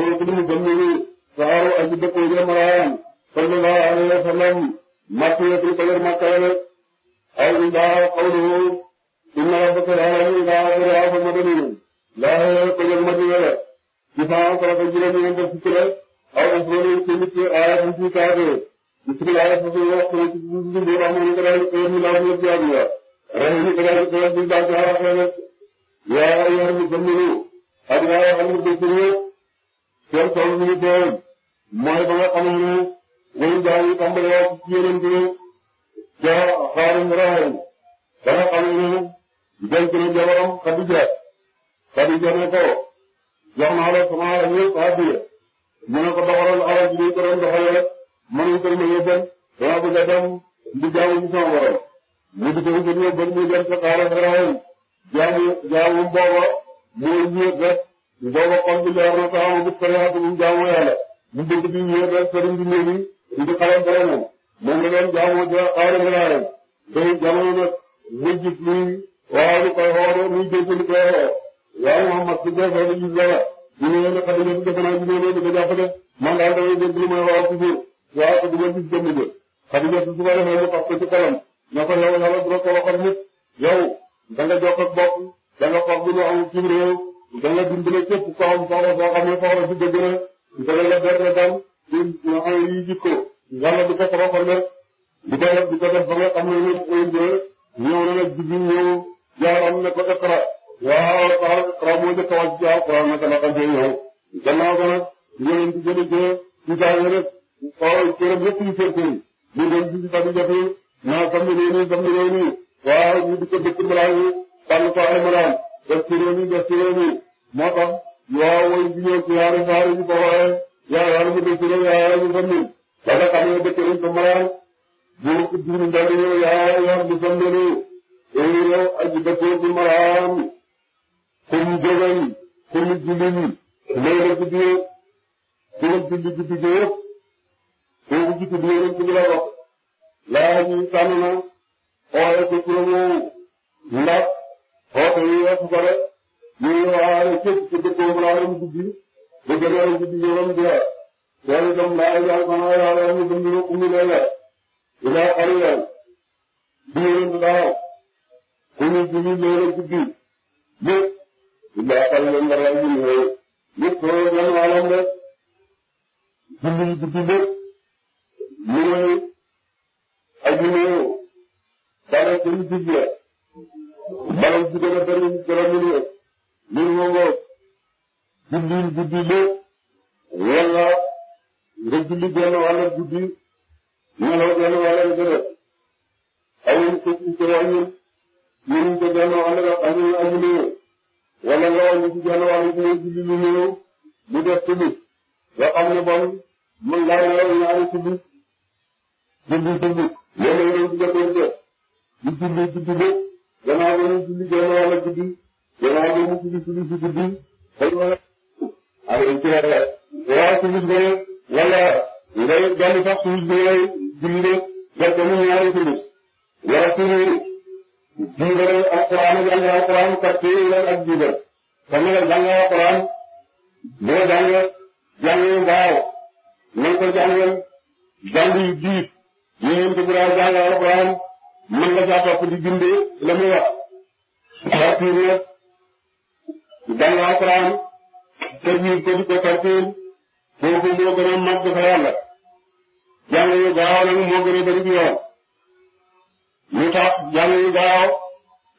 suratul muzammil saaru aji dëkkoo ji Ramadan sallallahu alayhi wa sallam màttiyatul qadr màkkale aw indaa qawluhu inna rabbaka la'ala indaa qawluhu fa madaniyu laa qawluhu madaniyu la ci saa sarata juróom yi ngeen def ci la aw usrani ci nit ki aaya bu ci kaate bismillahi fasu waxtu ci dundu rahmani kadal qawmi laa ñu jaabiya rahmani kadal qawmi daa jaara xeelet yaa ayyuhal muzammilu adnaa al muddassiru seen tool yi ñu béyoon mooy ba nga xam ne wéyum daal yi tàmbalee ci yeneen biir ca xaarum raxal ba nga xam ne denc na jabaram Xadija Xadija ne ko jox naa la sama alal yëpp àddiya mu ne ko doxalal alal bi ñu ko doon doxalee mënuñ ko yóbbal dama bëgg a dem di jaamu ci sama borom mu di ko yóbbal mu dem ca xaarum raxal jaamu jaamu booba mooy ñëw rek njooba xol bi leer na sax mu bëgg a mu jaamu yàlla mu bëgg di ñëw rek sëriñ bi ñëw di di xalam boromam moom la doon jaamu ca xaaru miraayam te jamono nag mu gis luy waaw lu koy xooloo muy dégg lu koy xool waaye Muhammad si dee fay gis dara ñu ne leen xam ne defe naa ñu ne leen dafa jàpp de man daal damay dégg lu may waaw toujours waaw te du ma gis jëmm jë xam nga su ma defee mu fas ko ci xalam na ko yow yàlla bu ko waxal nit yow da nga jokk ak bopp da nga xool bu ñu amul ci réew dana dimbale képp ku am soxla soo xam ne soxla si dëgg la dana la benn daan di nga xam ne yiy ko yàlla du ko soxla nag di ko def di ko def ba nga xam ne ñoom ñoom ñëw na nag jiw ñëw yàlla am na ko iqra waaw waaw iqra moo njëkk a wàcc ci alquran naka la xam see ñëw. gannaaw ba nag ñëwee ci gën a jëlee ci saa yi rek xool këram yëpp ñu fekk ñu ñu dem ci sa di jafe naa sam ni nii sam ni nii waaw ñu di ko dëkk mbalaay yi tànn ko ay mbalaay def ci réew mi def ci réew mi moo tax yow mooy jigéen ci yaaru saari ñu ko waxee yaa yàlla ñu def ci réew yaa yàlla ñu ko nuyu. dafa xam ne dëkk yi comme maanaam bu dugub ndaw yi yow yaa yaa ñu dem léegi yooyu yow ak dëkk yi comme maanaam comme jógal comme jullit yi léegi la ci biir dugub jullit yi digg yëpp foofu jiitu biir rek ci la bokk laa ñu tànn na waaye ko ci la ñu ndax xoote yi yëpp ba pare ñu ngi waxaale képp ku dëkkoon laa doon guddi ba jëlee guddi nga doon diwaat loolu itam laa yàlla xam naa yàlla amul ba mu umi lay laaj. dinaa xaru yàlla diwénu daaw ku ñu guddi loolu guddi lépp dinaa xaru leen dara ak ñun yooyu lépp loolu benn alam rek guddi guddi lépp ñu ne ak ñu ne yow dara seen guddi la. balay ci gën a bëri gën a nga julli genn wala guddi nelaw genn wala nga def awuñ ko ci ci wàññi mënuñ wala nga xam ne amu néew wala nga wàññi ci lu néew mu def tamit nga xam ne bon mën ngaa nelaw ñaari kubbi julli julli loolu nga doon ci jotee gannaaw ba mu julli génn wàll guddi gannaaw ba mu julli julli si guddi xëy na ay ci rafet waaw suuf bi wala ngay dellu sax suuf bi ngay julli def ko mu ñaari suuf wala suuf diigal alquran jàng alquran kàtt yi leen ak diigal kon nag jàng alquran boo jàng jàng yu baaw nañ ko jàng jàng yu diis ñu ngi ko jàng alquran mën nga caa di bindee la muy wax. tartiir nag jàng alquran tajwid ko di ko tartiir moo gën a màgg fa yàlla. jàng yu gaaw nag moo gën a bëri yoon. lu tax jàng yu gaaw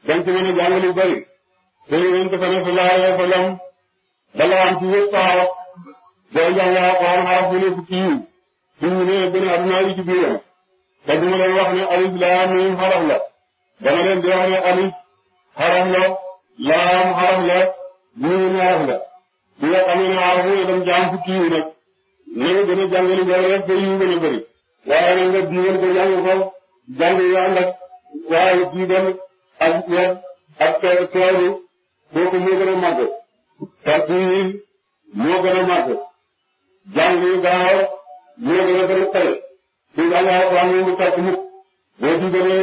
dañ ci mën a jàng lu bëri. te yéen dafa ne sallallahu alayhi wa sallam dala am a aduna yi ci te du ma leen wax ne alif laam xaraf la dama leen di wax ne alif xaraf la laam xaraf la miim xaraf la bi nga xam ne xaraf la dem jaam fukki yu nag nañu gën a jàngali loolu rek ba yu gën a waaye nag nga digal ko jàng ko waaye digal ak ñor ak teewlu kooku moo gën a màgg tartiil moo gën a màgg jàng yu gaaw topp mukk boo ci gënee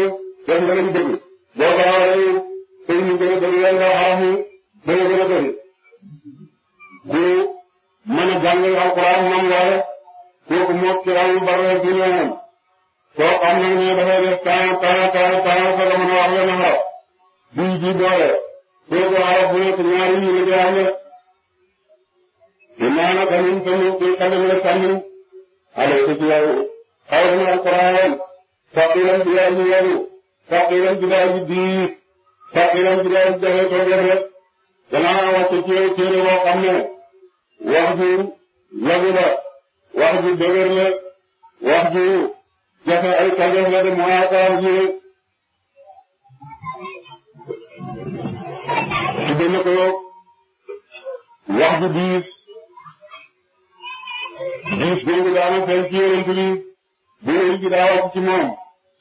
def jafe tooge rek danaa wàcc ci yow téere boo xam ne wax ju yabu la wax ju dëgër la wax ju jafe ay tooge la de mooy akaar ji tudde na ko wax ju diis diis googu daana feeñ ci yonent bi bu yonent bi daa wàcc ci moom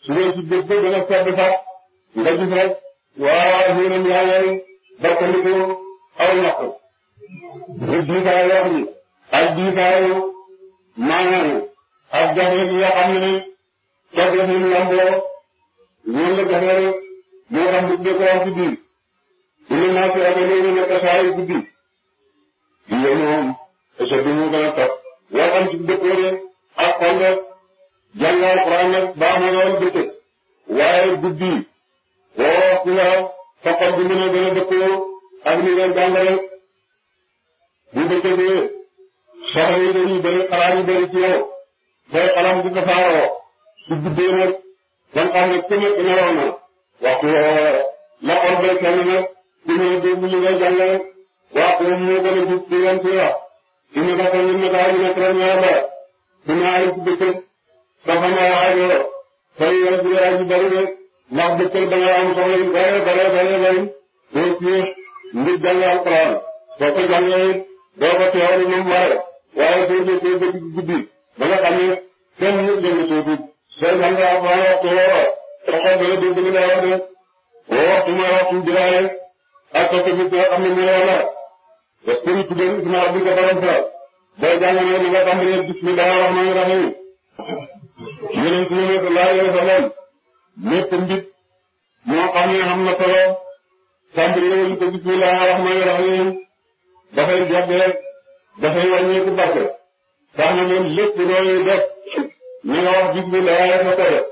su dee ci dëgg dana sedd sax nga gis rek waaw ñu ne ñaareelu bakkandiku aw ñaq di diisaay yoo xam ne ak diisaayu maanaam ak jafe gi nga xam ne jafe gi mu lamboo ñoom la jafe rek moo tax ñu ko wax ci biir dina naa fi rajo léegi nekk saa yu guddi yéen moom échec bi mu gën a topp yoo xam ci dëppoo de ak xol rek jàngal Alxuraan rek baax na lool dëkk waaye waroo ku yaram sa mën a gën a dëppoo ak ni ngeen jàngale bu dëggee soxla yi dañuy bëri xalaat yi bëri ci yow di ko faaroo su guddee nag da nga xam ne ku nekk naroon na la xol bay kenn nag ku ñëw déglu li ngay jàngale waxtu moom moo gën a jub di leen ci wax suñu dafa ñu ne daal di nekk rek ñaar ba suñu aay fay yéen bi aay ji ndax bëccëg da nga am soxla yu bare bare bare bare doo piis ngir jàng alxuraan soo ko jàngee doo ko teewal moom waaye waaye soo jëkkee ba guddi ba nga xam ne kenn nit la nga sootu soo jàng alxuraan waxtu woo taxaw dana dégg li nga wax de woo waxtu mooy waxtu jiraale ak sa tamit yoo xam ne ñu loo laaj parce que nit doon isma bi nga borom sa boo jàngee li nga xam ne bismillah rahmaani rahim yeneen su ma nekk laa yoo sa lépp mbir moo xam ne am na solo tàmbali yooyu ko bismillah rahmaani rahiim dafay jagg rek dafay wàññeeku barke tax na moom lépp looy def na nga wax bismillah rek nga koy def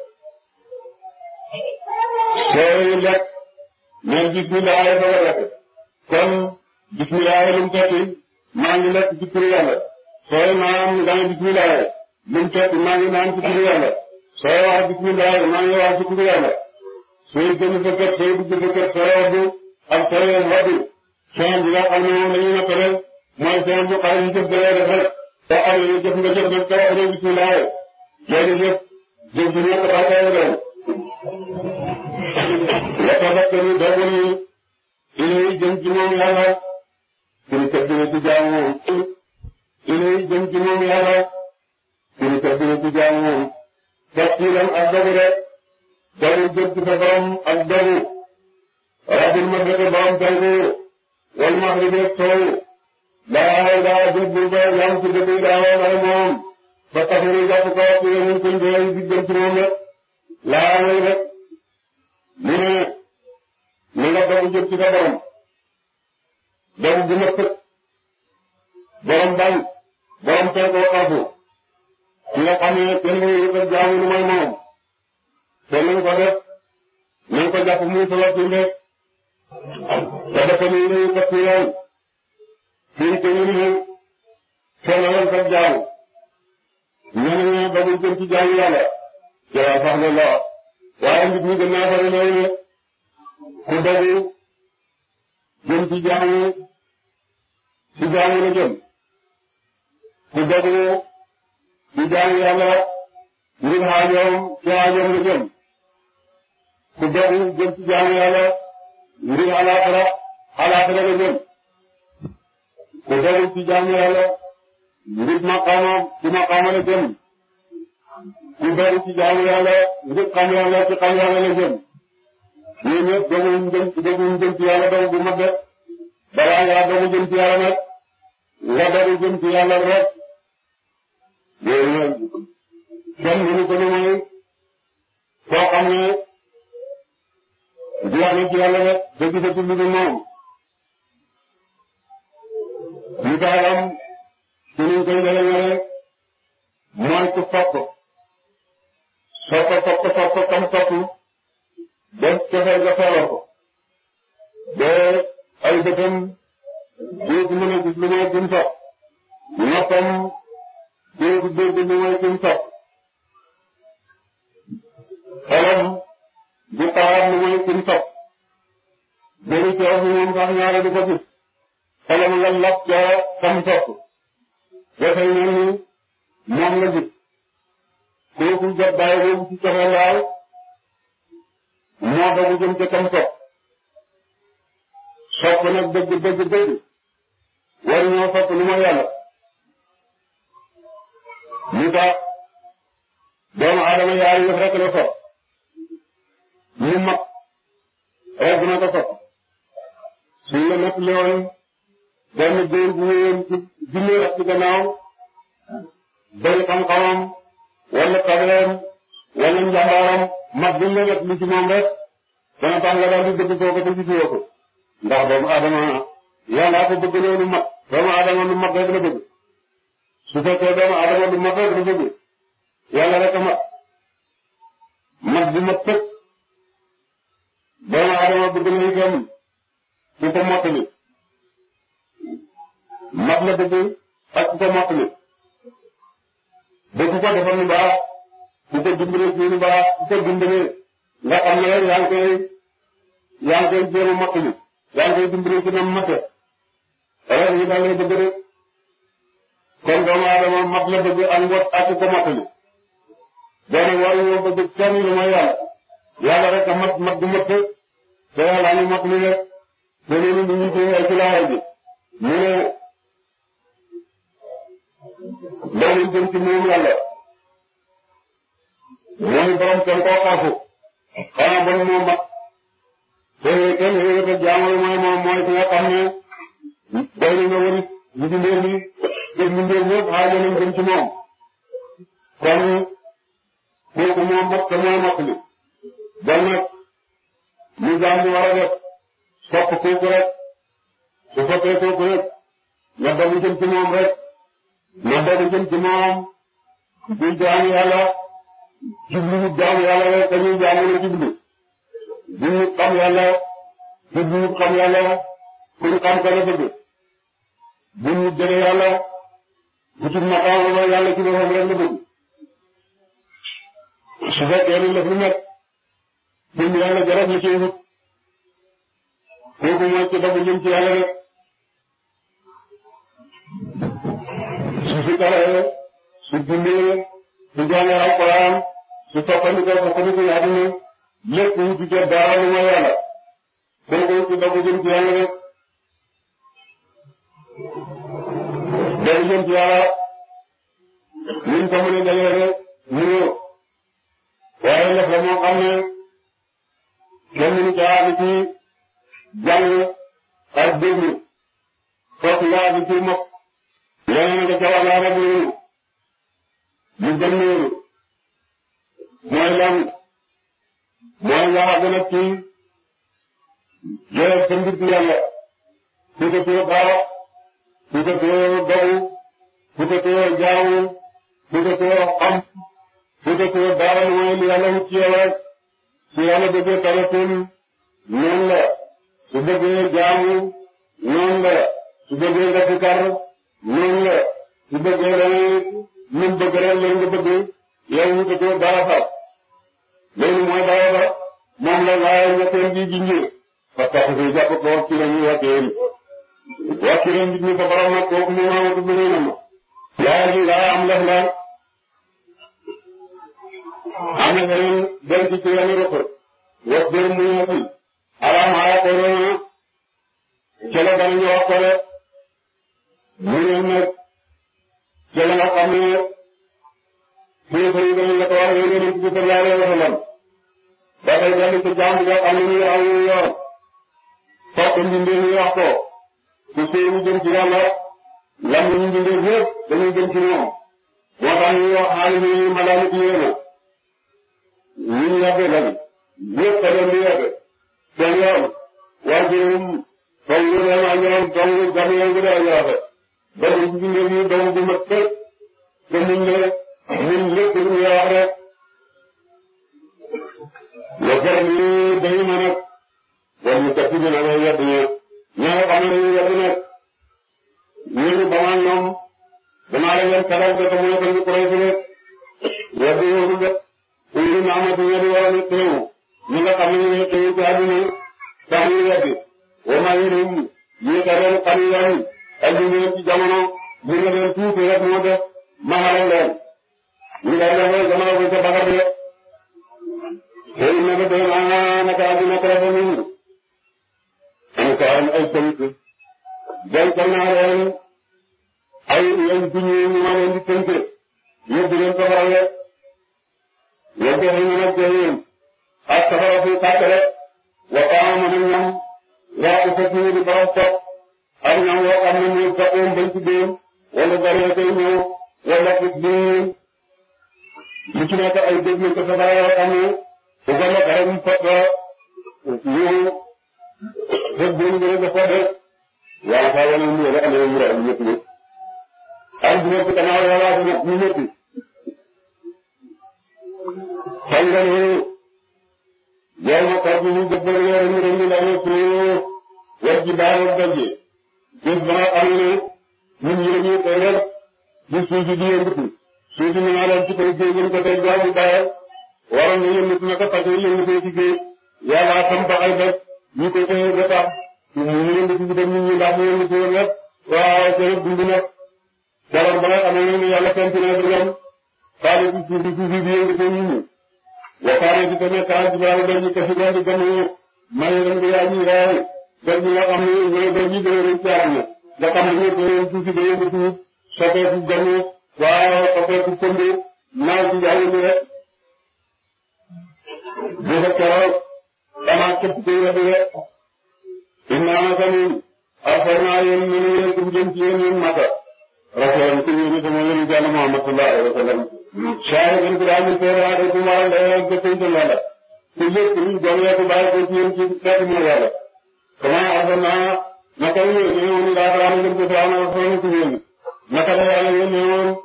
sooy lekk mais bismillah rek nga lekk kon bismillah lu mu tekki maa ngi lekk ci turu yàlla sooy naan nga ne bismillah lu mu tekki maa ngi naan ci turu yàlla sooy wax bismillah maa ngi wax ci tur yàlla sooy génn sa kër sooy dugg sa kër sooy wàddu ak sooy wàddu seen bi nga xam ne moom la ñuy nattale mooy seen bu xale yi jëf dayoo def rek soo amee ñu jëf nga jëf nag soo amee bismillah loolu yëpp jëf bi ñëpp daal koy doon. yaakaar naa que ni doomu ni ilay jëm ci moom yàlla suñu kër dina ci jaamu moom ilay jëm ci moom yàlla suñu kër dina ci jaamu moom. takkiiram ak dogu de dogu jëm ci sa borom ak dogu rabbil mashriqi borom penku wal maghribi sowu laa hawla jëf bu ba yam ci dëkk yi daawoon ay moom ba taxiri jàpp ko ci yeneen kuñ doy di jëm ci moom de laa hawla rek mu ne ni nga dogu jëm ci sa borom dogu bu ma borom bañ borom penku afu ki nga xam ne kenn ku yëkkal jaamu lu may moom te nañ ko def nañ ko jàpp muy sa wàcc rek te dafa ñuy nuyu kat ci yoon fii te ñu ne seenaloon kat jaamu ñeneen ña ba muy jëm ci jaamu yàlla jaa sax nga loo waaye nit ñi gën naa bari loolu ne ku dogu jëm ci jaamu ci jaamu la jëm ku dogu di jaay yàlla ngir xaajoom ci xaajoom la jëm ku bëri jëm ci jaay yàlla ngir alaxira alaxira la jëm ku bëri ci jaay yàlla ngir maqaama ci maqaama la jëm ku bëri ci jaay yàlla ngir xam yàlla ci xam yàlla la jëm ñun ñëpp dooguñu jëm dooguñu jëm ci yàlla doog bu mag rek balaa ngaa doogu jëm ci yàlla nag nga doog jëm ci yàlla rek. loolu mooy kenn mënu ko lu mooy koo xam ne di wax ne ci yàlla rek ba gisatu lu dul moom li taaram ci niñ koy deleñale mooy ku sopp sopp sopp sopp kam sopp ba cofeel ga soolal ko ba ay bëtam duut mën a gis lu mooy gën sopp noppam dégg dégg li mooy suñ topp xelam du xalaat li mooy suñ topp dégg coow si moom sax ñaare du ko gis xelam la lap coow sam topp dafay mel ni moom la gis kooku jot bàyyi boobu ci coxee laal moo ko jëm ca kam topp sopp nag dëgg dëgg dëgg war ñoo sopp lu ma yàlla li tax doomu aadama yaari yëf rek la sopp lu mat rek na ko sopp suñ la natt lewoon benn góor bu wéyoon ci junne ak ci gannaaw bëri xam-xamam wala tableem wala njàmbaaram mat buñ la natt lu ci moom rek dana tax nga daal di bëgg koo ko te gisoo ko ndax doomu aadama yaa ngaa ko bëgg loolu mat doomu aadama lu mat rek la bëgg su fekkee doomu adama du mat rek du dugg yàlla a mat mat bu mat tëkk doomu adama bëgg nañ kenn ku ko mottali mat la bëgg ak ku ko mottali ba ku ko defal lu baax ku ko dimbalee ci lu baax ku ko dimbalee nga xam ne yaa ngi yaa ngi koy jéem a mottali yaa ngi koy dimbalee ci nam mate. xëy na ñu daal bëgg rek. kon doomu aadama mat la bëgg ak mbot ak ko matali benn waruñoo bëgg kenn lu may yàlla yàlla rek a mat mat gu mat te yàlla ñu mat lu nekk te loolu lu ñu jëlee ci laay bi mu ne loolu jëm ci moom yàlla moom borom kenn koo xaafu xanaa bon moo mat te kenn yooyu te jaamu mooy moom mooy ki nga xam ne day na nga wërit ñu ci mbir mi te mbindee ñëpp xaaja nañ jëm ci moom kon kooku moo mat te moo li bon nag ñu sopp kooku rek su soppee kooku rek nga dogu jëm ci moom rek nga dogu jëm ci moom di jaamu yàlla jublu ñu jaamu yàlla rek te ñuy jaamu la jublu di ñu xam yàlla jublu ñu xam yàlla pour xam ko la bëgg bu utub maqaam mooy yàlla ci boppam rek la bëgg su fekkee ni lépp lu mot jëm yàlla jarab ñu ciy wut kooku mooy ci dogu jëm ci yàlla rek su si taree su dundee su jàngee alquran su toppandikoo toppandikoo àdduna lépp lu ci jot dara lu mooy yàlla kooku ci dogu jëm ci yàlla rek day jëm ci yàlla liñ ko mën a dajale rek mënoo waaye lëf la moo xam ne kenn mënu caa di ci jàng ak déglu fokk ngaa di ci mokk leneen nga ca wàll arab loolu ñu gën loolu mooy lan mooy nga wax gën a ci jëlee sa mbir ci yàlla su ko ci baax su ko teewoo dow su ko teewoo jaamu su ko teewoo xam su ko teewoo dara lu wéy lu yàlla wut ci yow rek su yàlla bëggee tawatul noonu la su bëggee jaamu noonu la su bëggee nga fikar noonu la su bëggee lay lu bëgg rek loolu nga bëgg yow su ko teewoo dara fa loolu mooy dara ba moom la laaya ñetteel gi ci la ñuy wax yéen wakileen bi ñu ko borom nag kooku moom laa wut bëri na ma. yaay ji daa am lëf la am na beneen benn ci yenn rëq. wax dëgg mu ngi ñi nga xam ne ñoo teew ci àdduna sax ñu weddi wa maa yéen ñi xelal xalilan ak ñu ñëw ci jamono ñu ne leen tuuti rek moo def maxaral leen ñu ngi lay defee jamono bi ca Bakar bi rek. xëy na nga doon ah naka àdduna traité mu ngi. ñu ko am ay tënk. donc naa leen ay ay duñu ñu ma leen di tënk. ñëpp di leen soxla rek. ñëpp dafa ñu nag ak safara suy tàkk rek wa ta'amun ñam raxu sa tiir di borom topp ak ñam woo xam ne muy toppoon bañ ci dee wala daree koy ñëw wala ci biir lu ci nekk ay dégg ko safara yoo xam ne su ko lekk rek mu topp ñu rek bu ñu gën a ko def yàlla saa yeneen ñu yële amee ñu rek ñëpp ñëpp ak bu nekk gannaaw yàlla su nekk ñu ñëpp xam nga ni yawma tarjufu jabbalu yawma tarjufu wal jibaalu dajje gis ba nga xam ne ñun ñu dañuy koy def di suuf si di yëngatu suuf si ñu naan lañ ci koy géej ko tey jaamu daal waroon nga yëngatu naka parce que yëngatoo ci géej yàlla xam ba ay def ñu koy koy ba tax mu yëngatu bi dem ñu ndax mu yëngatu woon rek waaw te dund nag dara ba nga xam ne yàlla fent na ak ñoom xaalis suuf si suuf si di yëngatoo ñu waxaale bi tamit taal bi daal dañuy kese daal di gën a maye leen di yaay ñuy raay gën ñi nga xam ne ñooy gën ñi gën a rëcc aar na nga xam ne ñooy gën tuuti ba yëngu tuut soppeeku gën a waa soppeeku pënde naaw ci jaay ni rek. bu ko keroog damaa képp kuy rëdd rek. innaama tamit affaire naa yéen ñu ne yéen itam jëm ci yéen yéen mata. رسول كريم صلى الله عليه محمد صلى الله عليه وسلم شاهد القرآن تيرا ربما لا يكتب الله كل كل جميع تبارك وتعالى في كتاب الله كما أخبرنا نقل يوم لا تعلم من كتاب رسول كريم نقل على يوم يوم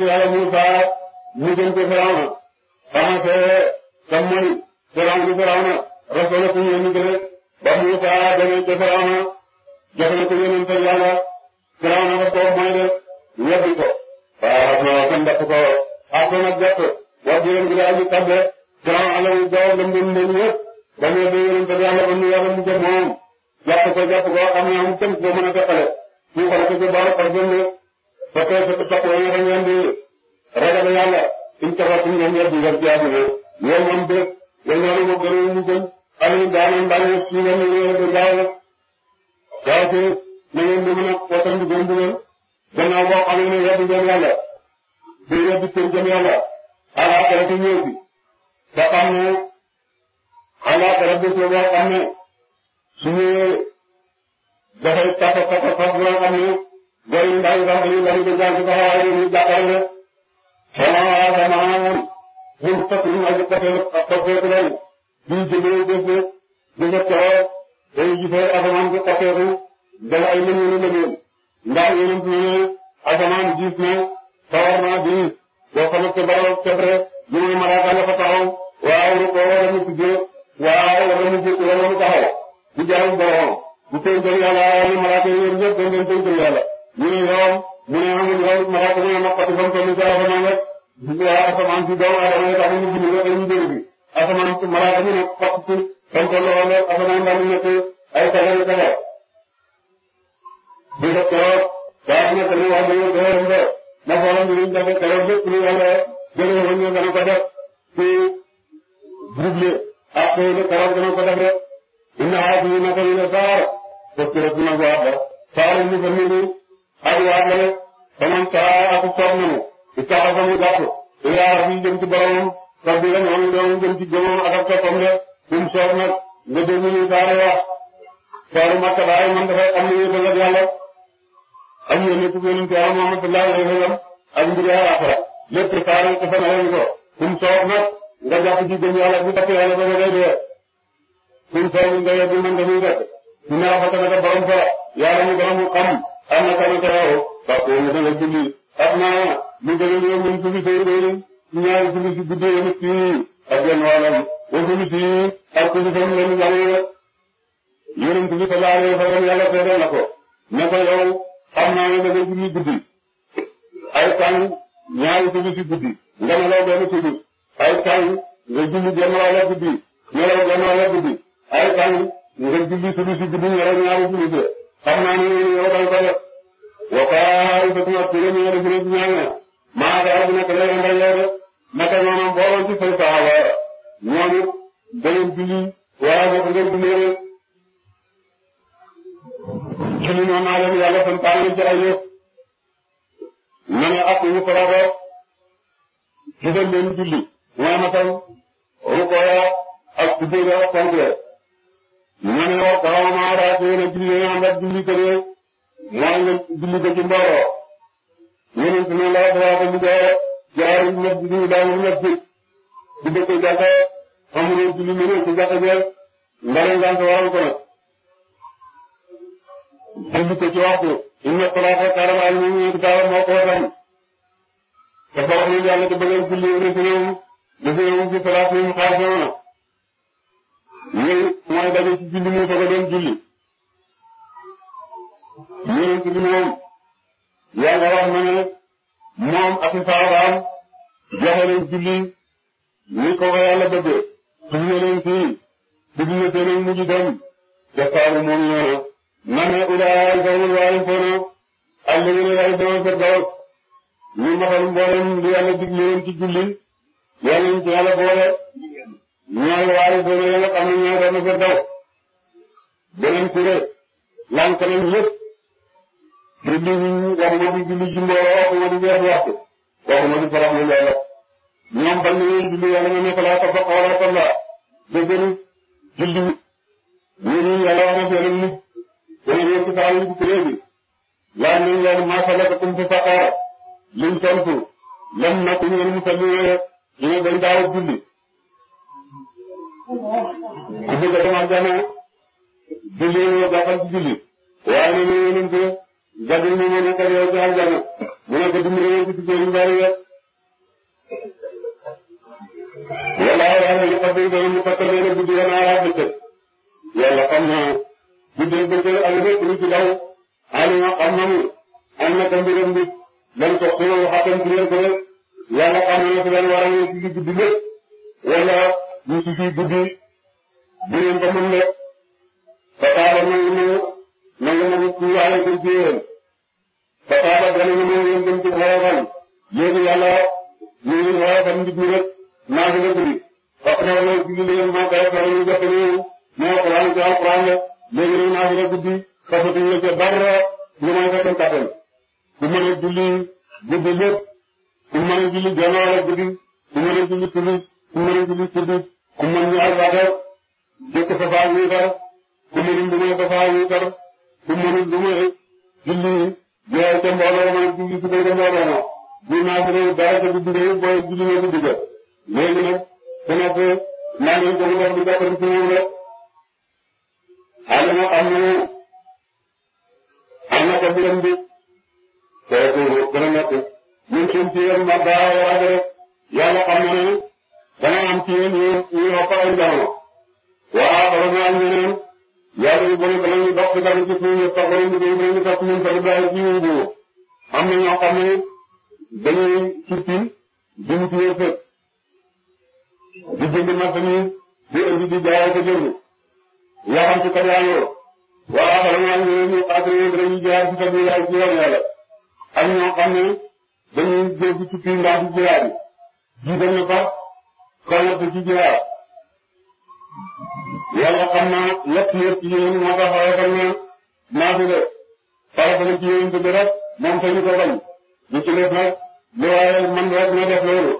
يوم على موسى نجم كفرعون فما في كمل فرعون كفرعون رسول كريم كذا بموسى جميع كفرعون جهل كريم صلى الله عليه وسلم Firawna la ko mooy de weddi ko waaw waaw ah, kon def ko xaar ko nag jàpp wax dëgg yàlla la jaww la mu doon yëpp ba ñu dégg yonent bi yàlla ba mu ko jàpp ko xam naa mu tënk ko mën a teqale ko ci ragal yàlla suñ taxaw suñ leen yàgg nga jaadu ne loolu moom dëgg loolu yàlla moo gën a ñu gën xam ni daanaka na ngeen di mën a potam di gën dugal gannaaw boo xamee ne yeddi ngeen yàlla di yeddi seen jëm yàlla alaxira di ñëw bi te xam ne alaxira bés la boo xam ne su ñëwee dafay tasa tasa tasa boo xam ne gari ndaw sax dañuy bari di jàng taxawaay yi ñu jàppale la xanaa waa sama amoon ñun fekk ñu aju côté côté leen ñu jëlee bés la di nga teewoo day gisee asamaan bi côté dalaay la ñu ne la ndax yonent ñu ne asamaan gis na sawar naa gis boo xamante ba la fexe ñu ne malaaka la fa taxaw waaw lu ko war a mu tuddee waaw wala mu jëkk wala mu taxaw bu jaarul borom bu tënkal yàlla waaw ne malaaka yi yor ñëpp dañ leen tënkal yàlla ñu ne yow mu ne amul yow malaaka mu ne naqati fan toll ci asamaan rek waaw asamaan si doomu aadama yi tax ñu bind rek dañu dégg bi asamaan si malaaka mu ne fàq ci fan toll woon rek asamaan daal di nekk ay kala yu kala di ko toog waaye nag li wax dëgg yàlla def na xoolal ñu ne ñu def lépp lu yàlla jëlee ñu dana ko def ci doublé ak lu karam dana ko def rek. inna haadihi masalan saar parce que dina ko wax rek saar ñu ko nuyu ak waa la rek danañ saa ak soog nañu di saa ba mu gàtt. te yaa ngi jëm ci boromam sax bi nga xam ne doo jëm ci jëmmam ak ak soppam rek fi mu soog nag nga déglu ñu saar wax saaru Makka baay man dafay am lu ñuy bëgg ak yàlla ak yéen ku gën a teew Muhammad sallallahu alayhi wa sallam ak mbir yaa laaxira lépp saa rek dafa nangam ko. kum soob nag nga jàpp ci gëm yàlla kum soob nga yegg mën nga muy def. su ma rafetlu nag borom sa yàlla ñu borom xam am na sama teew. parce que yéen a julli xam naa lu gën a ñëw ñun suñu sëy day ñaari suñu si guddee yëpp fii ak yenn wa suñu si ak suñu sëñ lañu jàngee yéen a ngi julli sallallahu alayhi wa sallam yàlla seedeel na ko ne ko yow waaw ñaari la doon guddi ay tàng ñaari junni ci guddi nga nelaw benn guddi ay tàng nga julli genn wàll guddi nelaw genn wàll guddi ay tàng nga julli subi si guddi nelaw ñaari junni de xam naa ne yow dañ ko def wa ta'ifatun min al-mu'minin maa dara bu nekk lay àndal yow de naka noonu boo ci say saaba ñoom it dañu julli waaye boo ko ngeen jullee ñooñu ñoo maa leen yàlla santaane leen ci ay yëpp ñu ne ak yu koroko digal leen julli ñoo ma tam rukoo ak sujjóot ak sant yooyu. ñu ne ko xaw ma raas yéen a julli yéen a ànd ak julli ko julli ko ci mbooloo nga ko waral ko julli ko ci waxtu inna salaata kaanat alal mu'miniina kitaaban mawquutan dafa wax ni yàlla da bëgg julli yi rek ñoom dafa ñëw ci salaat yi mu xaasoo na ñun mooy daje ci julli mu soog a doon julli ñun ci moom yaa nga wax na ne moom ak saabaam joxe nañ julli ni ko ko yàlla bëggee. tudd na leen fii tudd na seen mujj dem. def saabu moom ñëw man ulaa'ika humul waarisuun alladhiina yarithuna firdaws ñu mosal mboolem bi yàlla digle woon ci julli yàlla ñu ci yàlla boole ñooy waarisuun yàlla xam ne ñooy doon firdaws beneen kuréel lank nañ yëpp julli waxuma di julli ci mbooloo waxuma di weesu waxtu waxuma di farax lu leer ñoom bañ nañu julli yàlla ñu nekk laa tabax wala tabax dëgg julli ñu yàlla wax na fee alal yi ci réew mi waaye nañ leen maa salakakum fi saqar lam nak ngeen mu salli ñu ne dañ daaw julli ku bëgg a dem aljana julli ñu gàttal ci julli waaye nañ leen yonent gadul ñu ne nekkal yow mu ne ko dimbali yow ci diggéey ñu bari yëpp yàlla yàlla ñu xas yi guddee bëccëg ak lépp lu ci daw Aliou xam nañu am na ko mbiram bi lañ ko xëyoo waxatam ci leen ko rek yàlla xam na fi leen war a yëg ci guddi lépp wala ñu ci fii guddi bi leen ko mën lépp Fataala nangu nangu nangu nangu ci yàlla ko ci yéen Fataala gën a nangu yéen dem ci xoolal léegi yàlla ñu ngi xoolal nit ñi rek naa fi la guddi wax na la ci leen moo koy faral ñu jàpp ne moo ko léegi nag guddi fasatuñ la ca dara lu may sa seen a julli guddi lépp ku mën julli janoo guddi ku mën julli tudd ku mën a julli tudd ku mën ñaar baax a jëkk fa faa wiitar ku julli jeex ca mbooloo julli suba ca mbooloo julli nga guddi ga léegi nag ko naa leen ko mu def di jàppandi xale mu am lu am na ko bilam bi kooku gën a nekk ñun suñ ci yéen ma dara wax rek yàlla xam na ne dana am ci yéen ñu ñu ëpp ay jamono waaw xam naa ñu ne yàlla bu bëri danañu dox ci dara ci suñu yëpp sax wala ñu koy danañu sax ñun sax daal ci ñu góor am na ñoo xam ne dañuy sukkin jëm ci wërsëg di jënd marchandise di indi di jaay ko jënd waxam ci kat yaa ngi woon waaw xam naa ne ñoom ñoo xaatale woon dañuy jihaad ci ci yoon yàlla ak ñoo xam ne dañuy jóg ci tukki ndax di jihaad yi jiital fa kaw ci jihaad yàlla xam naa lépp lépp ci yéen moo tax waxal na naafile farata ci yéen dëgg rek moom sañu ko bañ ñu ci def nag lu waaye man na def loolu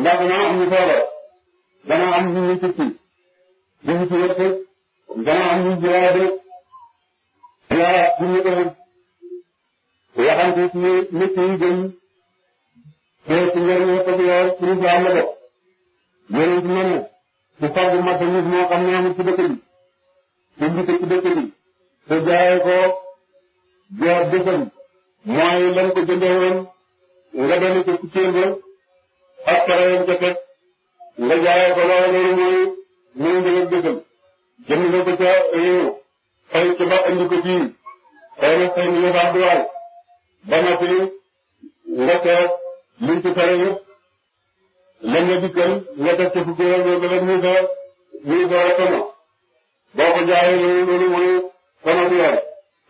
ndax dana am ñu feebar dana am ñu ñu tukki ñu ci yëpp gannaaw ñu jiwaay de ñaar bu ñu doon waxante ci nit yi gën te ci njëriñ la ko yor pour ñu am la def yéen it mel moo xam ne ci dëkk bi ci dëkk bi ko joor dëkkam mooy lan ko jëndee nga demee ko ci ceeb ba ak pare nga jaayee ko loolu mooy mooy njëriñ dëkkam jënd nga ko ca fay ci ba indi ko fii xëy na xëy na ñu faa dugal ba noppi nga toog liñ ci fay yëpp lan nga dikkal nga def ca fukki wàll nga def muy fa muy fa sono boo ko jaayee loolu loolu mooy sono bi weer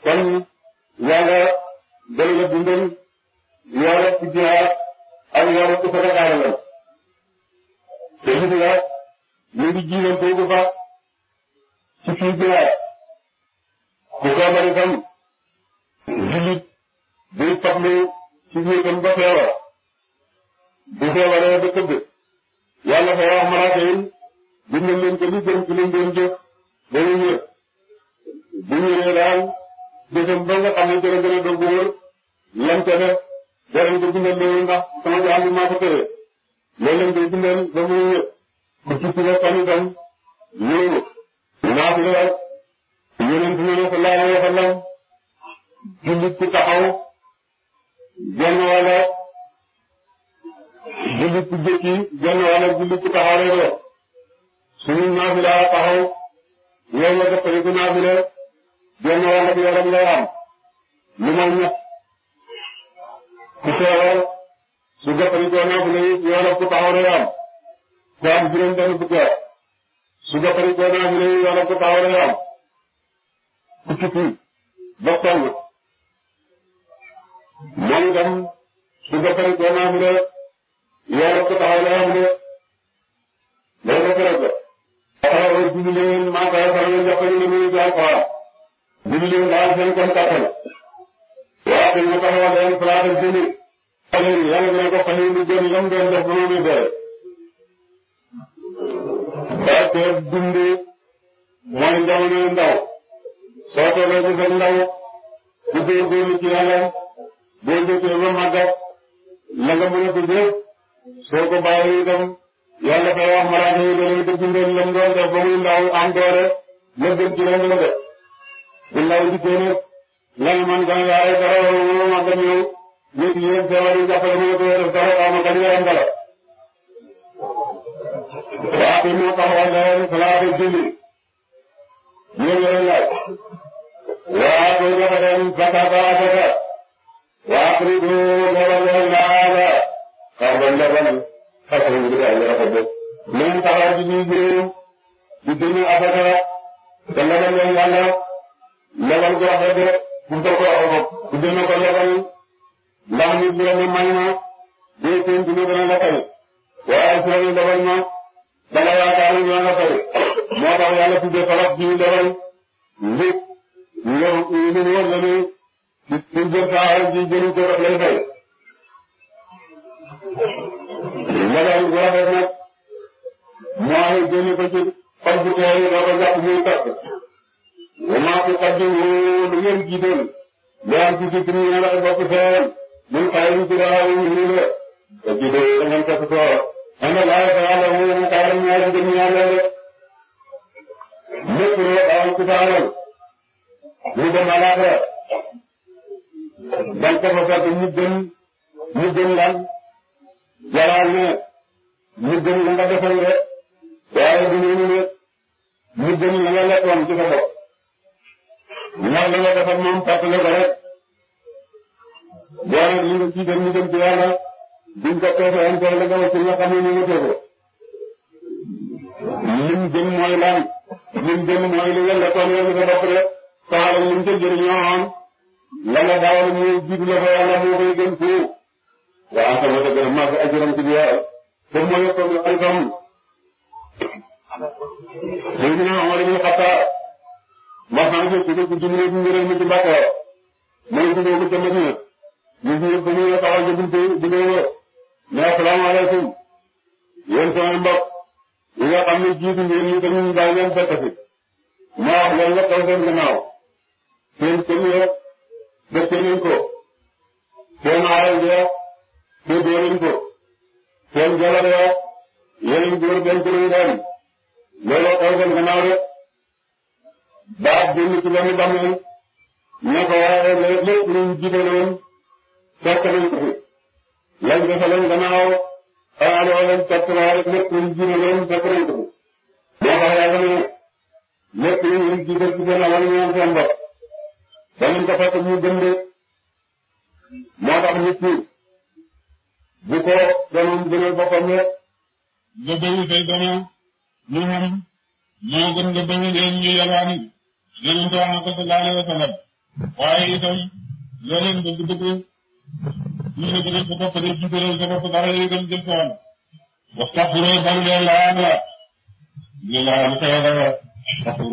kon yaa nga jëlee la dundal yore ci jihaad ak yore ci sa kakaar la te gis nga ñu ngi jiital foofu fa. ci ci laaj bu feebar itam jullit buy fablu ci néegam ba feebar bu feebaree ba tëdd yàlla fa wax malaaka bindal leen ko li gën ci ba ñu ñëw bu ñëwee daal jëfam ba nga xam ne gën a gën wër lan ca def danañ ko bindal maa ko tëree loolu lañ ba muy ñëw bu ci ci la fan itam ñëw naafila ak yonent bi sallallahu alayhi wa sallam jullit ku taxaw genn wala jullit ku jëkki genn wala jullit ku taxaw lay doon suñu naafila taxaw yow nga def ko naafila genn wala bi yaram lu may ku teewal su def ko naafila yow taxaw lay am ku am juróom bu teew su bokkul góor naa ñu ne yàlla ko taxaw rek am ku ci kii ba tàng moom itam su bokkul góor naa ñu ne yàlla ko taxaw rek am de loolu la ko rek. waaw loolu dund leen maa ngi koy waxal leen jox ko ñu ne ñu ngi jaay xaaral. dund leen daal seen kon kàttan. waaw te ñu taxawal leen place ak jënd. xale yi yàlla dina ko xale yi ñu jëm yam doon def ba mu ngi dee. barkeel dund mooy jamonoy ndaw soo tollee ci sa ndaw bu góorgóorlu ci yàlla boo jotee ba màggat la nga mën a dund yëpp soo ko bàyyi itam yàlla fay wax malaaka yi dañuy dundal lam doon def ba muy ndaw am doole la gën ci loolu la def bu ndaw dikkee nag lan man gan yaay dara wala mu màggat ñëw nit ñi yéen feebar yi jàppale mën a def dara ama kan yaram dara waa fi mu taxawal loolu salaatu julli ñu ngi lay laaj. waa fi mu taxawal zakata asaka. waa fi mu taxawal laala. xaw ma ndabal xaw ma njëkk a njëkk a bokk. nañ taxaw ci biir juróom di génn asaka te lebal leen yàlla lebal ko wax rek pour que ko wax ko génn ko lebal ndax nit ñi may ma. day séntu lu gën a la fay. waaye si la ñu lebal ma. dana yaakaar ñoo nga fay moo tax yàlla tuddee farat bii defal njub ñëw ñu ñu war na ni ci ci jël saa xel ji jëlu ko rek lay fay. bu rafet nag moo xëy jëli ko ci xol bu tooy yi doo ko jàpp muy takk bu maa ko xaj lu ngeen jiital yaa ngi ci dikk ñu ne la bokk fee ñun xayma ci daaw ñu am na laaj ba yàlla mooy mu taal ñaari jëm yàlla rek lépp loo xam ku sa alal lu dem alaaka dañ ko fa fekk ñu gën ñu gën lan jaraar ne ñu gën la nga defal rek waaye du ñu ne ñu gën la nga lekkoon ci sa bopp ndax la nga defal moom fàttali ko rek boo ne li nga ciy dem ñu dem ci yàlla buñ ko peesee am pexe la nga wax ci nga xam ne ñu ngi peese. lim jëm mooy lan lim jëm sa bopp rek soxla nañ lim ca jëriñoo la nga daawoon ñu jiitu la fa yàlla moo koy gën fii. waaw sama dëgg la maa ngi ajuram ci biir te mooy ko alfam. léegi nag Omar ibn Khattab ma xam ne su dee ci jumla bi ngëral ma ci Mbacke mooy su dee ko ca Madina ñu ngi ñëpp dañuy bi nga mais asalaamaaleykum yéen sama mbokk yi nga xam ne ngeen ñu tamit ñu bàyyi leen fekk fi ma wax loolu nga taw seen gannaaw seen seen yëpp dëkk nañ ko seen aaral yëpp déggoo nañ ko seen jabar yëpp yéen góor benn kuréel daal looloo taw seen gannaaw rek baat génn ci benn bàmmeel ña ko waxee lépp lu ñu jiitaloon fekk nañ ko fi. lañ defe leen gannaaw xalaatoo leen topp naa lépp lu ñu jiite leen topp nañ ko. moo tax yaa ngi ne lépp lu ñu jiite jiite na wala ñu am seen bopp. danañ ko fekk ñu gëm de moo tax nit ñi bu ko doon jëlee boppam rek. nga bëri say dono ñu xam moo gën nga bëri leen ñu yalwaani yéen ko sallallahu alayhi wa sallam waaye itam loo leen bëgg bëgg ñu ne dinañ ko topp de jiitalal sa bopp dara yooyu gën jëm soxla. ba kàpp loo balu leen la. ñu laa lu